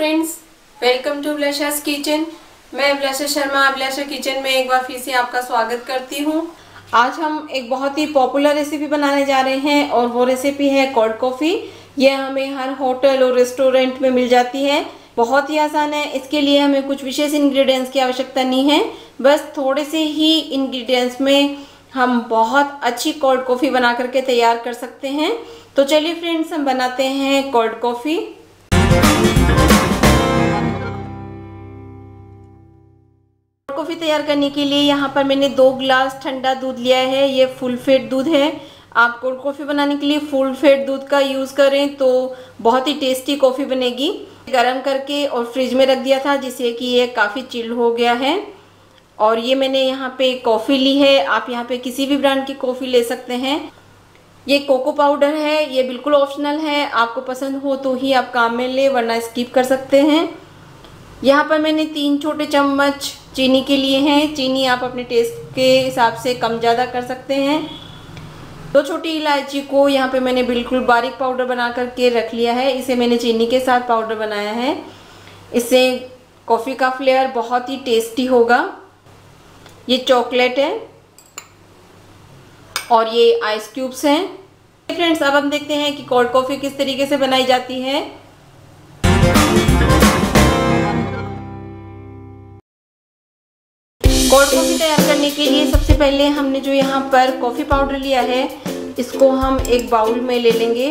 friends welcome to ब्लशर्स kitchen मैं ब्लशर शर्मा ब्लशर किचन में एक बार फिर से आपका स्वागत करती हूँ आज हम एक बहुत ही पॉपुलर रेसिपी बनाने जा रहे हैं और वो रेसिपी है कोल्ड कॉफ़ी यह हमें हर होटल और रेस्टोरेंट में मिल जाती है बहुत ही आसान है इसके लिए हमें कुछ विशेष इन्ग्रीडियंट्स की आवश्यकता नहीं है बस थोड़े से ही इन्ग्रीडियंट्स में हम बहुत अच्छी कोल्ड कॉफ़ी बना करके तैयार कर सकते हैं तो चलिए फ्रेंड्स हम बनाते हैं कोल्ड कॉफ़ी तैयार करने के लिए यहाँ पर मैंने दो ग्लास ठंडा दूध लिया है ये फुल फेट दूध है आप कोल्ड कॉफ़ी बनाने के लिए फुल फेट दूध का यूज़ करें तो बहुत ही टेस्टी कॉफ़ी बनेगी गर्म करके और फ्रिज में रख दिया था जिससे कि ये काफ़ी चिल हो गया है और ये मैंने यहाँ पे कॉफ़ी ली है आप यहाँ पे किसी भी ब्रांड की कॉफ़ी ले सकते हैं ये कोको पाउडर है ये बिल्कुल ऑप्शनल है आपको पसंद हो तो ही आप काम में ले वरना स्किप कर सकते हैं यहाँ पर मैंने तीन छोटे चम्मच चीनी के लिए हैं चीनी आप अपने टेस्ट के हिसाब से कम ज़्यादा कर सकते हैं दो छोटी इलायची को यहाँ पे मैंने बिल्कुल बारीक पाउडर बना करके रख लिया है इसे मैंने चीनी के साथ पाउडर बनाया है इससे कॉफ़ी का फ्लेवर बहुत ही टेस्टी होगा ये चॉकलेट है और ये आइस क्यूब्स हैं फ्रेंड्स अब हम देखते हैं कि कोल्ड कॉफ़ी किस तरीके से बनाई जाती है कोल्ड कॉफ़ी तैयार करने के लिए सबसे पहले हमने जो यहाँ पर कॉफ़ी पाउडर लिया है इसको हम एक बाउल में ले लेंगे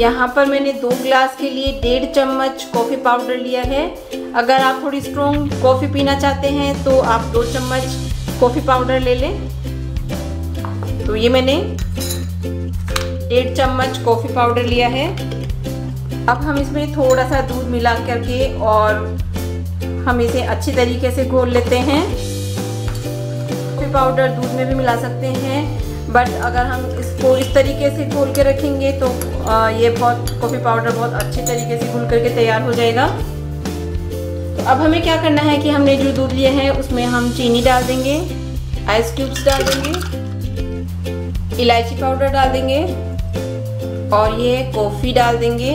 यहाँ पर मैंने दो ग्लास के लिए डेढ़ चम्मच कॉफ़ी पाउडर लिया है अगर आप थोड़ी स्ट्रॉन्ग कॉफ़ी पीना चाहते हैं तो आप दो चम्मच कॉफ़ी पाउडर ले लें तो ये मैंने डेढ़ चम्मच कॉफ़ी पाउडर लिया है अब हम इसमें थोड़ा सा दूध मिला करके और हम इसे अच्छी तरीके से घोल लेते हैं पाउडर दूध में भी मिला सकते हैं बट अगर हम इसको इस तरीके से घोल के रखेंगे तो ये बहुत कॉफ़ी पाउडर बहुत अच्छे तरीके से घुल करके तैयार हो जाएगा तो अब हमें क्या करना है कि हमने जो दूध लिया है उसमें हम चीनी डाल देंगे आइस क्यूब्स डाल देंगे इलायची पाउडर डाल देंगे और ये कॉफ़ी डाल देंगे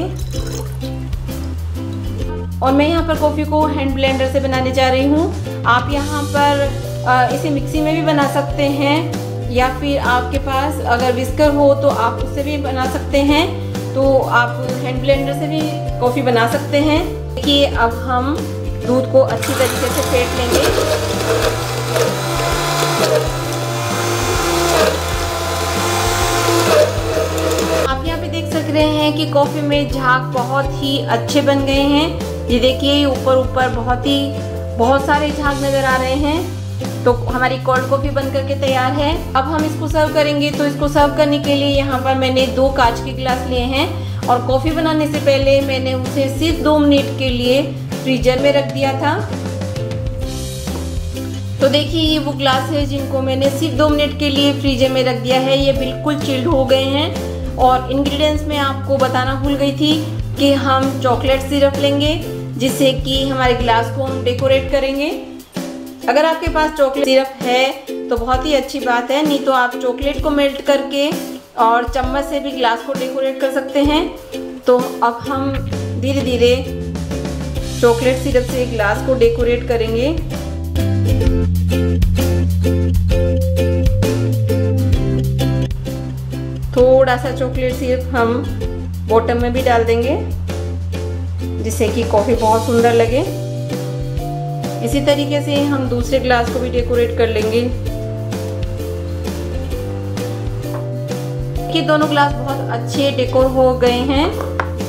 और मैं यहाँ पर कॉफ़ी को हैंड ब्लेंडर से बनाने जा रही हूँ आप यहाँ पर इसे मिक्सी में भी बना सकते हैं या फिर आपके पास अगर विस्कर हो तो आप उससे भी बना सकते हैं तो आप हैंड ब्लेंडर से भी कॉफ़ी बना सकते हैं देखिए अब हम दूध को अच्छी तरीके से फेंट लेंगे आप यहाँ पे देख सक रहे हैं कि कॉफ़ी में झाग बहुत ही अच्छे बन गए हैं ये देखिए ऊपर ऊपर बहुत ही बहुत सारे झाग नज़र आ रहे हैं तो हमारी कोल्ड कॉफ़ी बन करके तैयार है अब हम इसको सर्व करेंगे तो इसको सर्व करने के लिए यहाँ पर मैंने दो कांच के गिलास लिए हैं और कॉफ़ी बनाने से पहले मैंने उसे सिर्फ दो मिनट के लिए फ्रीजर में रख दिया था तो देखिए ये वो ग्लास है जिनको मैंने सिर्फ दो मिनट के लिए फ्रीजर में रख दिया है ये बिल्कुल चिल्ड हो गए हैं और इंग्रेडिएंट्स में आपको बताना भूल गई थी कि हम चॉकलेट सिरप लेंगे जिससे कि हमारे ग्लास को हम डेकोरेट करेंगे अगर आपके पास चॉकलेट सिरप है तो बहुत ही अच्छी बात है नहीं तो आप चॉकलेट को मेल्ट करके और चम्मच से भी ग्लास को डेकोरेट कर सकते हैं तो अब हम धीरे धीरे चॉकलेट सिरप से ग्लास को डेकोरेट करेंगे थोड़ा सा चॉकलेट सिरप हम बॉटम में भी डाल देंगे जिससे कि कॉफ़ी बहुत सुंदर लगे इसी तरीके से हम दूसरे ग्लास को भी डेकोरेट कर लेंगे कि दोनों ग्लास बहुत अच्छे डेकोर हो गए हैं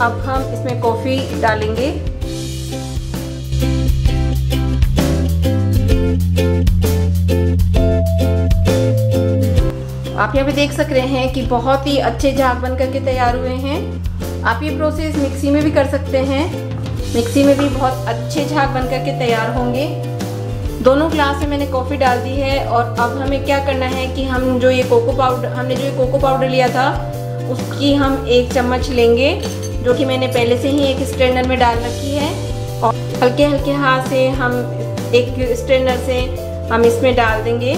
अब हम इसमें कॉफ़ी डालेंगे आप यहाँ पे देख सक रहे हैं कि बहुत ही अच्छे झाग बन करके तैयार हुए हैं आप ये प्रोसेस मिक्सी में भी कर सकते हैं मिक्सी में भी बहुत अच्छे झाग बन करके तैयार होंगे दोनों ग्लास में मैंने कॉफ़ी डाल दी है और अब हमें क्या करना है कि हम जो ये कोको पाउडर हमने जो ये कोको पाउडर लिया था उसकी हम एक चम्मच लेंगे जो कि मैंने पहले से ही एक स्ट्रेनर में डाल रखी है और हल्के हल्के हाथ से हम एक स्ट्रेनर से हम इसमें डाल देंगे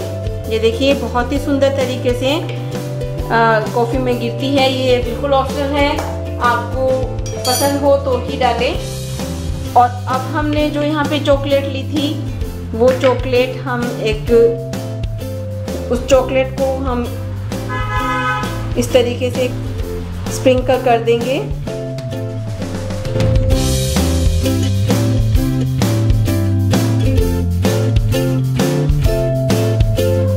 ये देखिए बहुत ही सुंदर तरीके से कॉफ़ी में गिरती है ये बिल्कुल ऑप्शनल है आपको पसंद हो तो ही डालें और अब हमने जो यहाँ पे चॉकलेट ली थी वो चॉकलेट हम एक उस चॉकलेट को हम इस तरीके से स्प्रिंकल कर देंगे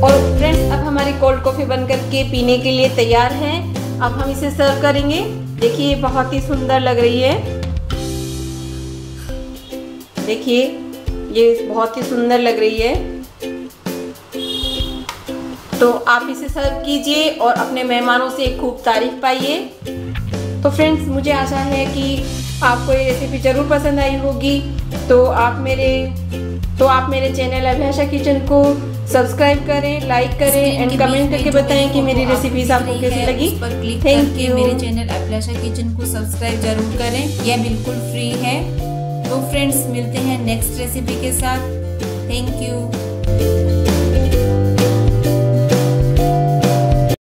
और फ्रेंड्स अब हमारी कोल्ड कॉफ़ी बनकर के पीने के लिए तैयार है अब हम इसे सर्व करेंगे देखिए बहुत ही सुंदर लग रही है देखिए ये बहुत ही सुंदर लग रही है तो आप इसे सर्व कीजिए और अपने मेहमानों से खूब तारीफ पाइए तो फ्रेंड्स मुझे आशा है कि आपको ये रेसिपी ज़रूर पसंद आई होगी तो आप मेरे तो आप मेरे चैनल अभिलाषा किचन को सब्सक्राइब करें लाइक करें एंड कमेंट करके बताएं कि मेरी रेसिपीज आपको कैसी लगी पर क्लिक थैंक यू मेरे चैनल अभिलाषा किचन को सब्सक्राइब जरूर करें यह बिल्कुल फ्री है तो फ्रेंड्स मिलते हैं नेक्स्ट रेसिपी के साथ थैंक यू